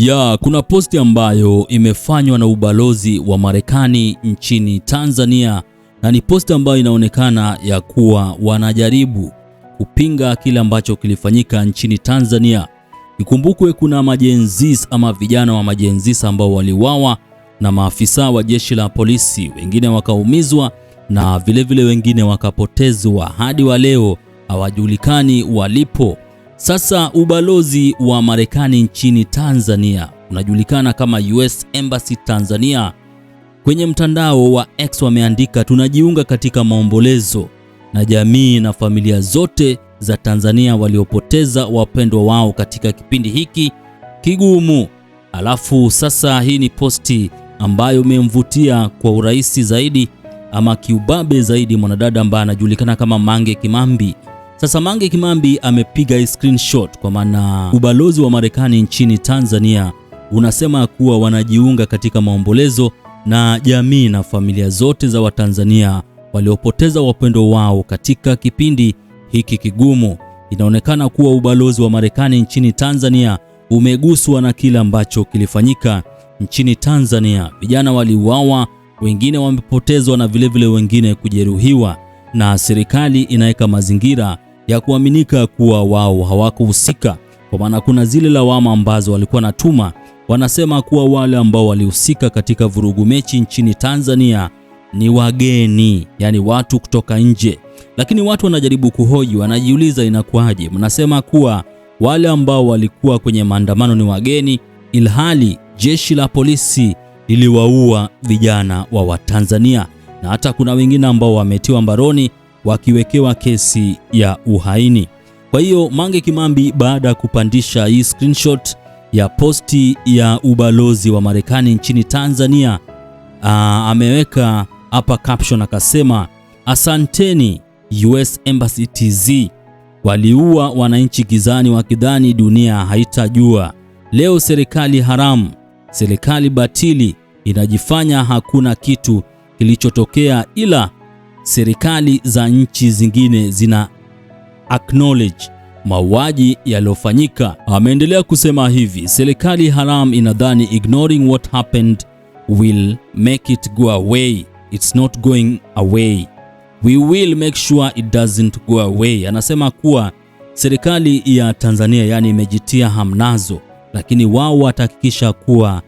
Ya, kuna posti ambayo imefanywa na ubalozi wa Marekani nchini Tanzania na ni posti ambayo inaonekana ya kuwa wanajaribu kupinga kile ambacho kilifanyika nchini Tanzania. Ikumbukwe kuna majenzis ama vijana wa majenzis ambao waliwawa na maafisa wa jeshi la polisi, wengine wakaumizwa na vilevile vile wengine wakapotezwa, hadi wa leo hawajulikani walipo. Sasa ubalozi wa Marekani nchini Tanzania unajulikana kama US Embassy Tanzania. Kwenye mtandao wa X wameandika, tunajiunga katika maombolezo na jamii na familia zote za Tanzania waliopoteza wapendwa wao katika kipindi hiki kigumu. Alafu sasa hii ni posti ambayo imemvutia kwa urahisi zaidi ama kiubabe zaidi mwanadada ambaye anajulikana kama Mange Kimambi. Sasa Mange Kimambi amepiga screenshot kwa maana ubalozi wa Marekani nchini Tanzania unasema kuwa wanajiunga katika maombolezo na jamii na familia zote za Watanzania waliopoteza wapendo wao katika kipindi hiki kigumu. Inaonekana kuwa ubalozi wa Marekani nchini Tanzania umeguswa na kile ambacho kilifanyika nchini Tanzania. Vijana waliuawa, wengine wamepotezwa na vilevile vile wengine kujeruhiwa, na serikali inaweka mazingira ya kuaminika kuwa wao hawakuhusika, kwa maana kuna zile lawama ambazo walikuwa natuma, wanasema kuwa wale ambao walihusika katika vurugu mechi nchini Tanzania ni wageni, yani watu kutoka nje. Lakini watu wanajaribu kuhoji, wanajiuliza inakuwaje? Mnasema kuwa wale ambao walikuwa kwenye maandamano ni wageni, ilhali jeshi la polisi liliwaua vijana wa Watanzania na hata kuna wengine ambao wametiwa mbaroni wakiwekewa kesi ya uhaini. Kwa hiyo Mange Kimambi baada ya kupandisha hii screenshot ya posti ya ubalozi wa Marekani nchini Tanzania, aa, ameweka hapa caption akasema, asanteni US Embassy TZ, waliua wananchi gizani wakidhani dunia haitajua. Leo serikali haramu, serikali batili inajifanya hakuna kitu kilichotokea, ila serikali za nchi zingine zina acknowledge mauaji yaliyofanyika. Ameendelea kusema hivi, serikali haram inadhani ignoring what happened will make it go away. It's not going away, we will make sure it doesn't go away. Anasema kuwa serikali ya Tanzania yani imejitia hamnazo, lakini wao watahakikisha kuwa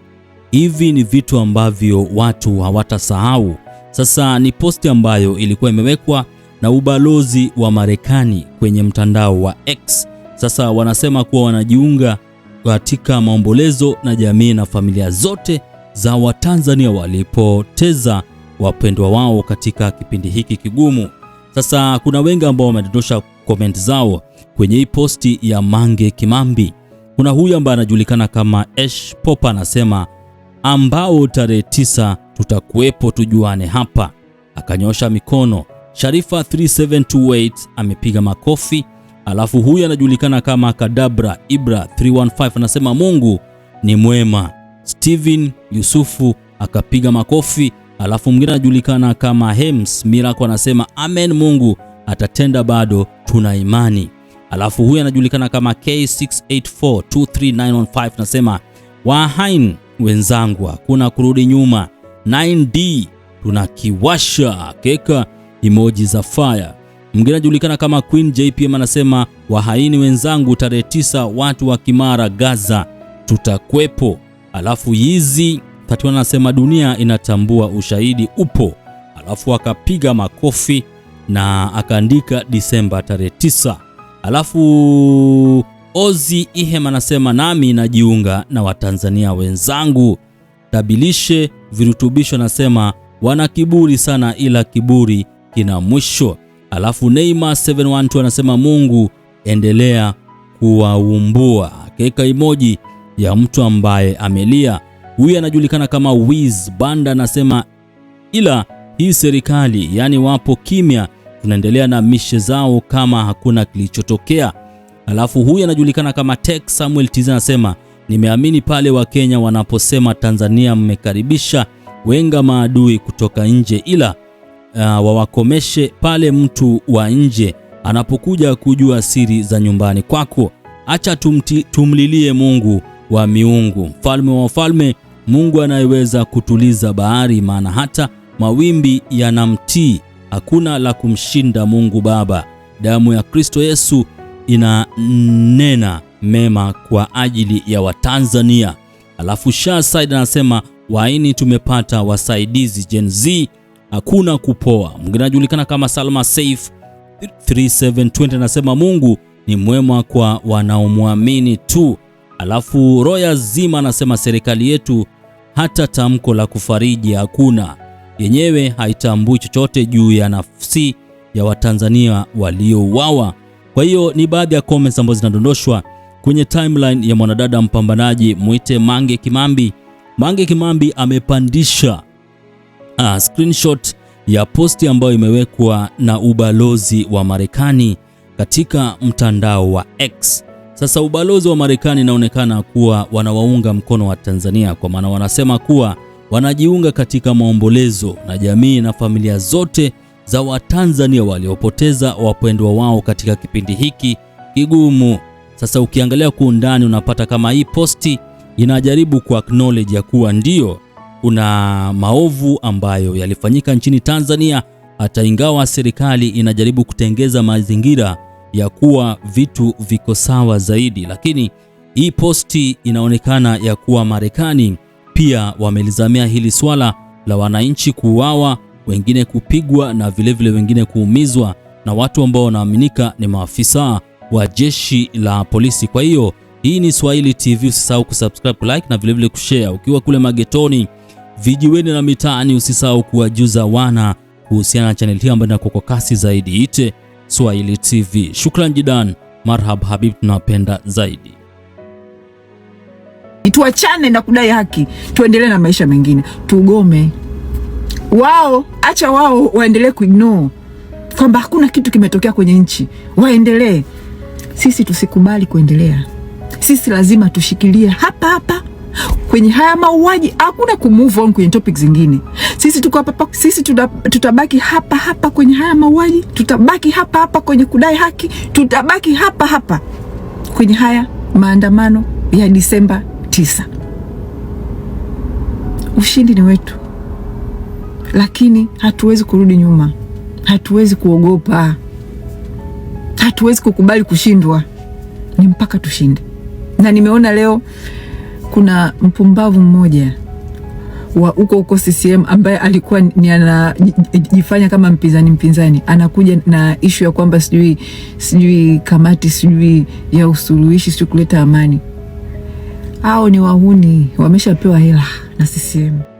hivi ni vitu ambavyo watu hawatasahau. Sasa ni posti ambayo ilikuwa imewekwa na ubalozi wa Marekani kwenye mtandao wa X. Sasa wanasema kuwa wanajiunga katika maombolezo na jamii na familia zote za Watanzania walipoteza wapendwa wao katika kipindi hiki kigumu. Sasa kuna wengi ambao wamedondosha comment zao kwenye hii posti ya Mange Kimambi. Kuna huyu ambaye anajulikana kama Ash Popa anasema, ambao tarehe tisa tutakuwepo tujuane hapa. Akanyosha mikono. Sharifa 3728 amepiga makofi. Alafu huyu anajulikana kama Kadabra Ibra 315 anasema Mungu ni mwema. Steven Yusufu akapiga makofi. Alafu mwingine anajulikana kama Hems Miracle anasema amen, Mungu atatenda, bado tuna imani. Alafu huyu anajulikana kama k 6842395 anasema wahain wenzangu, hakuna kurudi nyuma, 9D tunakiwasha keka emoji za fire. Mwingine anajulikana kama Queen JPM anasema wahaini wenzangu, tarehe tisa watu wa Kimara Gaza tutakwepo. Alafu Yizi katiwa anasema dunia inatambua ushahidi upo, alafu akapiga makofi na akaandika Disemba tarehe tisa. Alafu Ozi Ihem anasema nami najiunga na Watanzania wenzangu tabilishe virutubisho, nasema wana kiburi sana, ila kiburi kina mwisho. Alafu Neymar 712 anasema Mungu endelea kuwaumbua, keka emoji ya mtu ambaye amelia. Huyu anajulikana kama Wiz Banda, anasema ila hii serikali yani wapo kimya, tunaendelea na mishe zao kama hakuna kilichotokea. Alafu huyu anajulikana kama Tech Samuel Tiza anasema Nimeamini pale Wakenya wanaposema Tanzania mmekaribisha wenga maadui kutoka nje, ila uh, wawakomeshe pale mtu wa nje anapokuja kujua siri za nyumbani kwako. Acha tumti, tumlilie Mungu wa miungu, mfalme wa falme, Mungu anayeweza kutuliza bahari, maana hata mawimbi yanamtii. Hakuna la kumshinda Mungu Baba. Damu ya Kristo Yesu inanena mema kwa ajili ya Watanzania. Alafu Shah Said anasema waini tumepata wasaidizi Gen Z, hakuna kupoa. Mwingine anajulikana kama Salma Saif 3720 anasema Mungu ni mwema kwa wanaomwamini tu. Alafu Roya Zima anasema serikali yetu hata tamko la kufariji hakuna, yenyewe haitambui chochote juu ya nafsi ya Watanzania waliouawa. Kwa hiyo ni baadhi ya comments ambazo zinadondoshwa kwenye timeline ya mwanadada mpambanaji mwite Mange Kimambi. Mange Kimambi amepandisha uh, screenshot ya posti ambayo imewekwa na ubalozi wa Marekani katika mtandao wa X. Sasa ubalozi wa Marekani inaonekana kuwa wanawaunga mkono wa Tanzania kwa maana wanasema kuwa wanajiunga katika maombolezo na jamii na familia zote za Watanzania waliopoteza wapendwa wao katika kipindi hiki kigumu. Sasa ukiangalia kwa undani, unapata kama hii posti inajaribu ku acknowledge ya kuwa ndio kuna maovu ambayo yalifanyika nchini Tanzania, hata ingawa serikali inajaribu kutengeza mazingira ya kuwa vitu viko sawa zaidi, lakini hii posti inaonekana ya kuwa Marekani pia wamelizamia hili swala la wananchi kuuawa, wengine kupigwa na vilevile vile wengine kuumizwa na watu ambao wanaaminika ni maafisa wa jeshi la polisi. Kwa hiyo hii ni Swahili TV, usisahau kusubscribe, kulike na vilevile kushare. Ukiwa kule magetoni, vijiweni na mitaani, usisahau kuwajuza wana kuhusiana na channel hii ambayo inakuwa kwa kasi zaidi. Ite Swahili TV. Shukran jidan, marhab habib, tunapenda zaidi. Tuachane na kudai haki, tuendelee na maisha mengine, tugome wao, acha wao waendelee kuignore kwamba hakuna kitu kimetokea kwenye nchi, waendelee sisi tusikubali kuendelea. Sisi lazima tushikilie hapa hapa kwenye haya mauaji, hakuna ku move on kwenye topic zingine. Sisi tuko hapa hapa, sisi tutabaki hapa hapa kwenye haya mauaji, tutabaki hapa hapa kwenye kudai haki, tutabaki hapa hapa kwenye haya maandamano ya Disemba 9. Ushindi ni wetu, lakini hatuwezi kurudi nyuma, hatuwezi kuogopa hatuwezi kukubali kushindwa, ni mpaka tushinde. Na nimeona leo kuna mpumbavu mmoja wa huko huko CCM ambaye alikuwa ni anajifanya kama mpinzani mpinzani, anakuja na ishu ya kwamba sijui sijui kamati sijui ya usuluhishi sijui kuleta amani. Hao ni wahuni, wameshapewa hela na CCM.